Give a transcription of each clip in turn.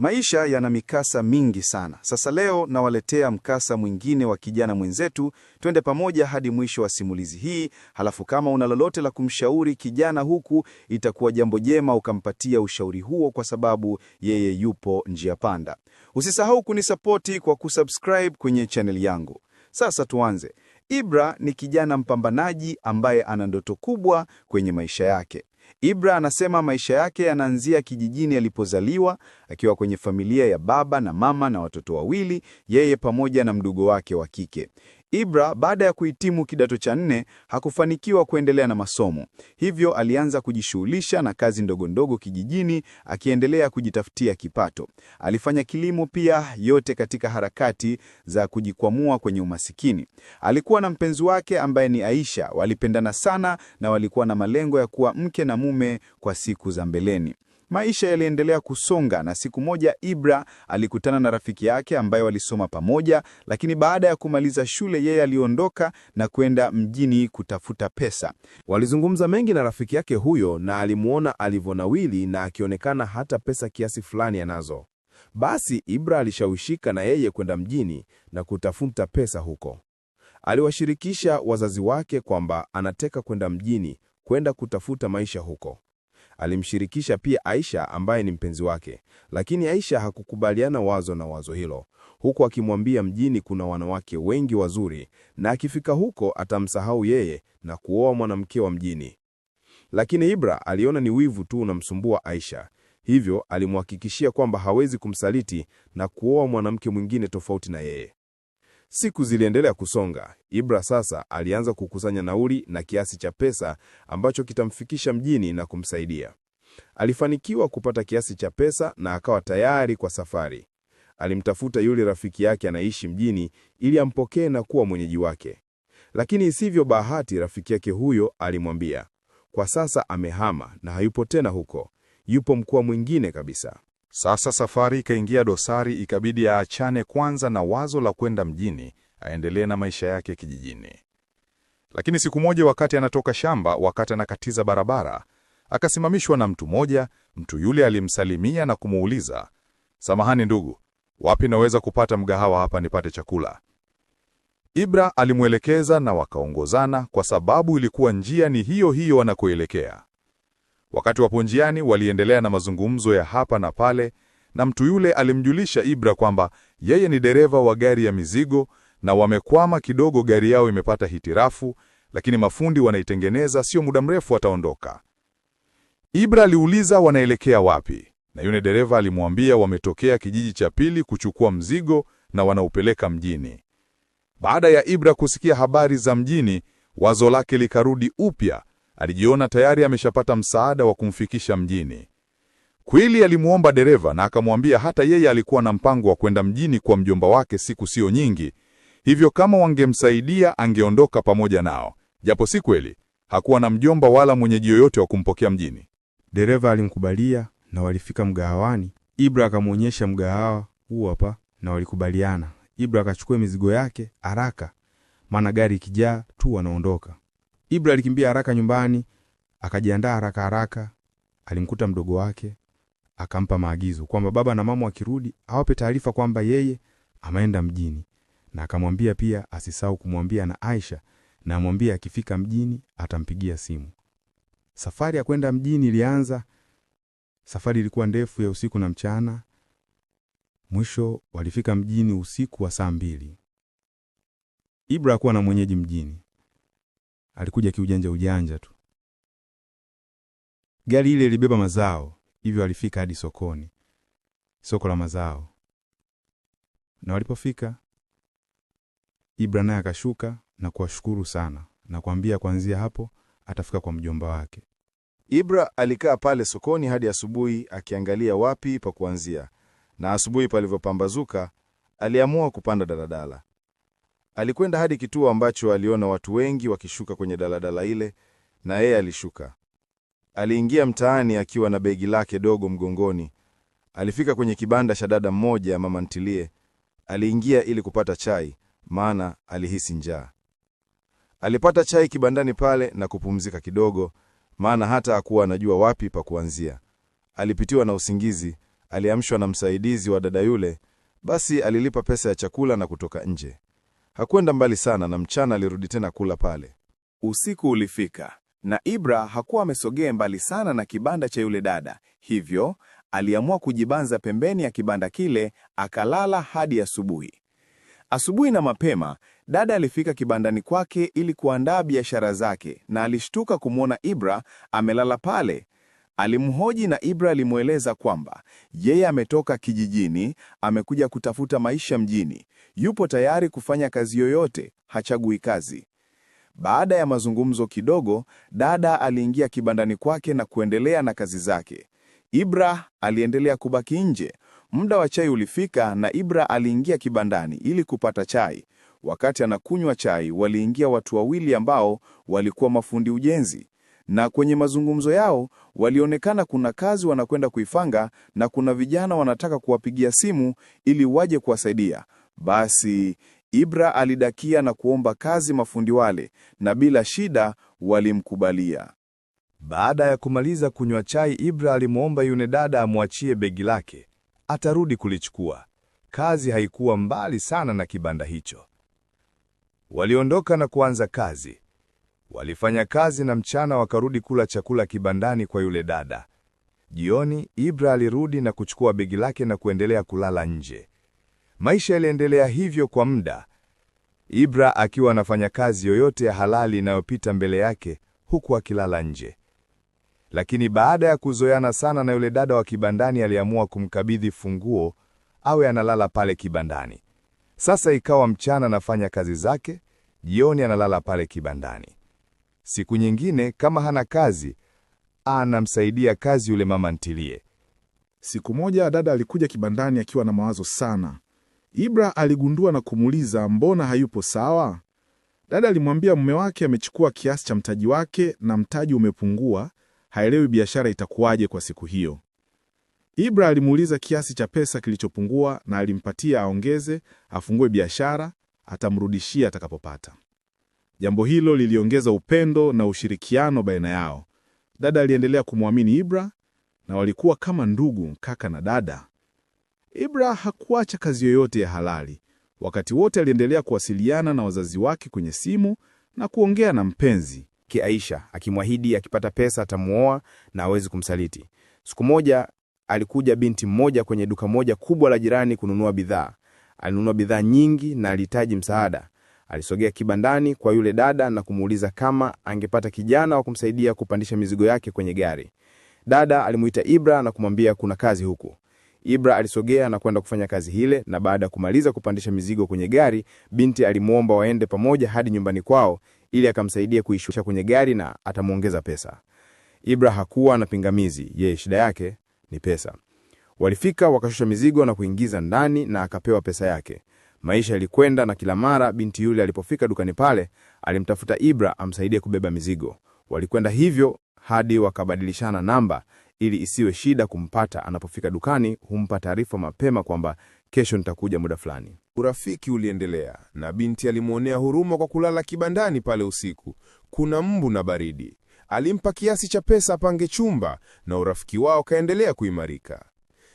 Maisha yana mikasa mingi sana. Sasa leo nawaletea mkasa mwingine wa kijana mwenzetu. Twende pamoja hadi mwisho wa simulizi hii, halafu kama una lolote la kumshauri kijana huku, itakuwa jambo jema ukampatia ushauri huo, kwa sababu yeye yupo njia panda. Usisahau kunisapoti kwa kusubscribe kwenye channel yangu. Sasa tuanze. Ibra ni kijana mpambanaji ambaye ana ndoto kubwa kwenye maisha yake. Ibra anasema maisha yake yanaanzia kijijini alipozaliwa, akiwa kwenye familia ya baba na mama na watoto wawili, yeye pamoja na mdogo wake wa kike. Ibra baada ya kuhitimu kidato cha nne hakufanikiwa kuendelea na masomo, hivyo alianza kujishughulisha na kazi ndogo ndogo kijijini, akiendelea kujitafutia kipato. Alifanya kilimo pia, yote katika harakati za kujikwamua kwenye umasikini. Alikuwa na mpenzi wake ambaye ni Aisha, walipendana sana na walikuwa na malengo ya kuwa mke na mume kwa siku za mbeleni. Maisha yaliendelea kusonga na siku moja Ibra alikutana na rafiki yake ambaye walisoma pamoja, lakini baada ya kumaliza shule yeye aliondoka na kwenda mjini kutafuta pesa. Walizungumza mengi na rafiki yake huyo na alimwona alivyonawili na akionekana hata pesa kiasi fulani anazo. Basi Ibra alishawishika na yeye kwenda mjini na kutafuta pesa huko. Aliwashirikisha wazazi wake kwamba anataka kwenda mjini kwenda kutafuta maisha huko. Alimshirikisha pia Aisha ambaye ni mpenzi wake, lakini Aisha hakukubaliana wazo na wazo hilo, huku akimwambia mjini kuna wanawake wengi wazuri na akifika huko atamsahau yeye na kuoa mwanamke wa mjini. Lakini Ibra aliona ni wivu tu unamsumbua Aisha, hivyo alimhakikishia kwamba hawezi kumsaliti na kuoa mwanamke mwingine tofauti na yeye. Siku ziliendelea kusonga. Ibra sasa alianza kukusanya nauli na kiasi cha pesa ambacho kitamfikisha mjini na kumsaidia. Alifanikiwa kupata kiasi cha pesa na akawa tayari kwa safari. Alimtafuta yule rafiki yake anaishi mjini ili ampokee na kuwa mwenyeji wake, lakini isivyo bahati, rafiki yake huyo alimwambia kwa sasa amehama na hayupo tena huko, yupo mkoa mwingine kabisa. Sasa safari ikaingia dosari, ikabidi aachane kwanza na wazo la kwenda mjini, aendelee na maisha yake kijijini. Lakini siku moja, wakati anatoka shamba, wakati anakatiza barabara, akasimamishwa na mtu mmoja. Mtu yule alimsalimia na kumuuliza, samahani ndugu, wapi naweza kupata mgahawa hapa nipate chakula? Ibra alimwelekeza na wakaongozana, kwa sababu ilikuwa njia ni hiyo hiyo wanakoelekea. Wakati wapo njiani, waliendelea na mazungumzo ya hapa na pale, na mtu yule alimjulisha Ibra kwamba yeye ni dereva wa gari ya mizigo na wamekwama kidogo, gari yao imepata hitirafu, lakini mafundi wanaitengeneza, sio muda mrefu wataondoka. Ibra aliuliza wanaelekea wapi, na yule dereva alimwambia wametokea kijiji cha pili kuchukua mzigo na wanaupeleka mjini. Baada ya Ibra kusikia habari za mjini, wazo lake likarudi upya Alijiona tayari ameshapata msaada wa kumfikisha mjini. Kwili alimuomba dereva na akamwambia hata yeye alikuwa na mpango wa kwenda mjini kwa mjomba wake siku sio nyingi, hivyo kama wangemsaidia angeondoka pamoja nao, japo si kweli, hakuwa na mjomba wala mwenyeji yoyote wa kumpokea mjini. Dereva alimkubalia na walifika mgahawani. Ibra akamwonyesha mgahawa huu hapa na walikubaliana. Ibra akachukua mizigo yake haraka, maana gari ikijaa tu wanaondoka. Ibra alikimbia haraka nyumbani, akajiandaa haraka haraka. Alimkuta mdogo wake, akampa maagizo kwamba baba na mama wakirudi awape taarifa kwamba yeye ameenda mjini, na akamwambia pia asisahau kumwambia na Aisha, na amwambie akifika mjini atampigia simu. Safari ya kwenda mjini ilianza. Safari ilikuwa ndefu ya usiku na mchana. Mwisho walifika mjini usiku wa saa mbili. Ibra hakuwa na mwenyeji mjini. Alikuja kiujanja ujanja tu. Gari ile ilibeba mazao, hivyo alifika hadi sokoni, soko la mazao. Na walipofika, Ibra naye akashuka na kuwashukuru sana na kuambia kuanzia hapo atafika kwa mjomba wake. Ibra alikaa pale sokoni hadi asubuhi, akiangalia wapi pa kuanzia, na asubuhi palivyopambazuka, aliamua kupanda daladala. Alikwenda hadi kituo ambacho aliona watu wengi wakishuka kwenye daladala ile, na yeye alishuka. Aliingia mtaani akiwa na begi lake dogo mgongoni. Alifika kwenye kibanda cha dada mmoja ya mama ntilie. Aliingia ili kupata chai, maana alihisi njaa. Alipata chai kibandani pale na kupumzika kidogo, maana hata hakuwa anajua wapi pa kuanzia. Alipitiwa na usingizi, aliamshwa na msaidizi wa dada yule. Basi alilipa pesa ya chakula na kutoka nje. Hakwenda mbali sana, na mchana alirudi tena kula pale. Usiku ulifika na Ibra hakuwa amesogea mbali sana na kibanda cha yule dada, hivyo aliamua kujibanza pembeni ya kibanda kile akalala hadi asubuhi. Asubuhi na mapema dada alifika kibandani kwake ili kuandaa biashara zake, na alishtuka kumwona Ibra amelala pale. Alimhoji na Ibra alimweleza kwamba yeye ametoka kijijini, amekuja kutafuta maisha mjini, yupo tayari kufanya kazi yoyote, hachagui kazi. Baada ya mazungumzo kidogo, dada aliingia kibandani kwake na kuendelea na kazi zake. Ibra aliendelea kubaki nje. Muda wa chai ulifika na Ibra aliingia kibandani ili kupata chai. Wakati anakunywa chai, waliingia watu wawili ambao walikuwa mafundi ujenzi na kwenye mazungumzo yao walionekana kuna kazi wanakwenda kuifanga na kuna vijana wanataka kuwapigia simu ili waje kuwasaidia. Basi Ibra alidakia na kuomba kazi mafundi wale, na bila shida walimkubalia. Baada ya kumaliza kunywa chai, Ibra alimwomba yule dada amwachie begi lake, atarudi kulichukua. Kazi haikuwa mbali sana na kibanda hicho. Waliondoka na kuanza kazi. Walifanya kazi na mchana wakarudi kula chakula kibandani kwa yule dada. Jioni Ibra alirudi na kuchukua begi lake na kuendelea kulala nje. Maisha yaliendelea hivyo kwa muda, Ibra akiwa anafanya kazi yoyote ya halali inayopita mbele yake huku akilala nje. Lakini baada ya kuzoeana sana na yule dada wa kibandani, aliamua kumkabidhi funguo awe analala pale kibandani. Sasa ikawa mchana anafanya kazi zake, jioni analala pale kibandani. Siku nyingine kama hana kazi, anamsaidia kazi yule mama ntilie. Siku moja dada alikuja kibandani akiwa na mawazo sana. Ibra aligundua na kumuuliza mbona hayupo sawa. Dada alimwambia mume wake amechukua kiasi cha mtaji wake na mtaji umepungua, haelewi biashara itakuwaje kwa siku hiyo. Ibra alimuuliza kiasi cha pesa kilichopungua na alimpatia aongeze, afungue biashara, atamrudishia atakapopata. Jambo hilo liliongeza upendo na ushirikiano baina yao. Dada aliendelea kumwamini Ibra na walikuwa kama ndugu, kaka na dada. Ibra hakuacha kazi yoyote ya halali. Wakati wote aliendelea kuwasiliana na wazazi wake kwenye simu na kuongea na mpenzi ke Aisha, akimwahidi akipata pesa atamuoa na awezi kumsaliti. Siku moja alikuja binti mmoja kwenye duka moja kubwa la jirani kununua bidhaa. Alinunua bidhaa nyingi na alihitaji msaada. Alisogea kibandani kwa yule dada na kumuuliza kama angepata kijana wa kumsaidia kupandisha mizigo yake kwenye gari. Dada alimuita Ibra na kumwambia kuna kazi huku. Ibra alisogea na kwenda kufanya kazi hile, na baada ya kumaliza kupandisha mizigo kwenye gari, binti alimwomba waende pamoja hadi nyumbani kwao ili akamsaidia kuishusha kwenye gari na atamwongeza pesa. Ibra hakuwa na pingamizi, yeye shida yake ni pesa. Walifika wakashusha mizigo na kuingiza ndani na akapewa pesa yake. Maisha yalikwenda na kila mara binti yule alipofika dukani pale alimtafuta Ibra amsaidie kubeba mizigo. Walikwenda hivyo hadi wakabadilishana namba ili isiwe shida kumpata anapofika dukani. Humpa taarifa mapema kwamba kesho nitakuja muda fulani. Urafiki uliendelea na binti alimwonea huruma kwa kulala kibandani pale usiku, kuna mbu na baridi. Alimpa kiasi cha pesa apange chumba na urafiki wao kaendelea kuimarika.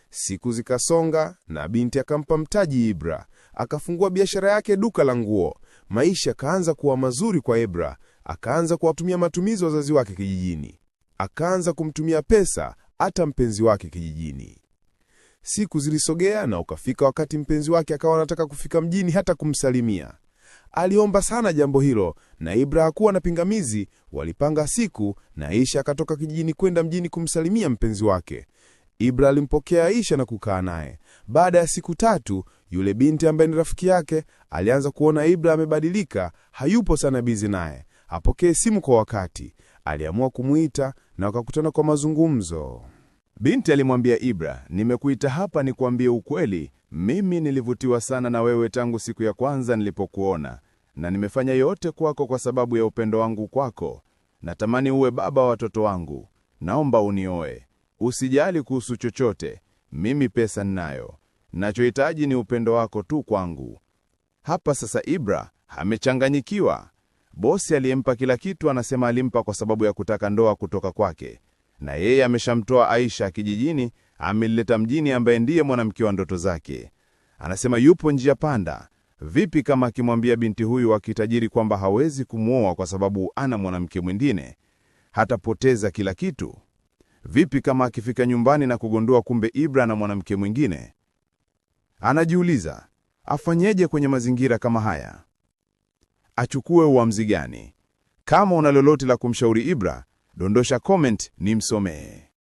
Siku zikasonga na binti akampa mtaji Ibra akafungua biashara yake, duka la nguo. Maisha akaanza kuwa mazuri kwa Ebra, akaanza kuwatumia matumizi wazazi wake kijijini, akaanza kumtumia pesa hata mpenzi wake kijijini. Siku zilisogea na ukafika wakati mpenzi wake akawa anataka kufika mjini hata kumsalimia. Aliomba sana jambo hilo na Ibra hakuwa na pingamizi. Walipanga siku na Aisha akatoka kijijini kwenda mjini kumsalimia mpenzi wake, Ibra alimpokea Aisha na kukaa naye. Baada ya siku tatu, yule binti ambaye ni rafiki yake alianza kuona Ibra amebadilika, hayupo sana bizi naye, apokee simu kwa wakati. Aliamua kumuita na wakakutana kwa mazungumzo. Binti alimwambia Ibra, nimekuita hapa nikuambie ukweli. Mimi nilivutiwa sana na wewe tangu siku ya kwanza nilipokuona, na nimefanya yote kwako kwa sababu ya upendo wangu kwako. Natamani uwe baba wa watoto wangu, naomba unioe. Usijali kuhusu chochote, mimi pesa ninayo, nachohitaji ni upendo wako tu kwangu. Hapa sasa Ibra amechanganyikiwa. Bosi aliyempa kila kitu anasema alimpa kwa sababu ya kutaka ndoa kutoka kwake, na yeye ameshamtoa Aisha kijijini, amelileta mjini, ambaye ndiye mwanamke wa ndoto zake. Anasema yupo njia panda. Vipi kama akimwambia binti huyu wa kitajiri kwamba hawezi kumwoa kwa sababu ana mwanamke mwingine, hatapoteza kila kitu. Vipi kama akifika nyumbani na kugundua kumbe Ibra na mwanamke mwingine? Anajiuliza, afanyeje kwenye mazingira kama haya? Achukue uamuzi gani? Kama una lolote la kumshauri Ibra, dondosha comment nimsomee.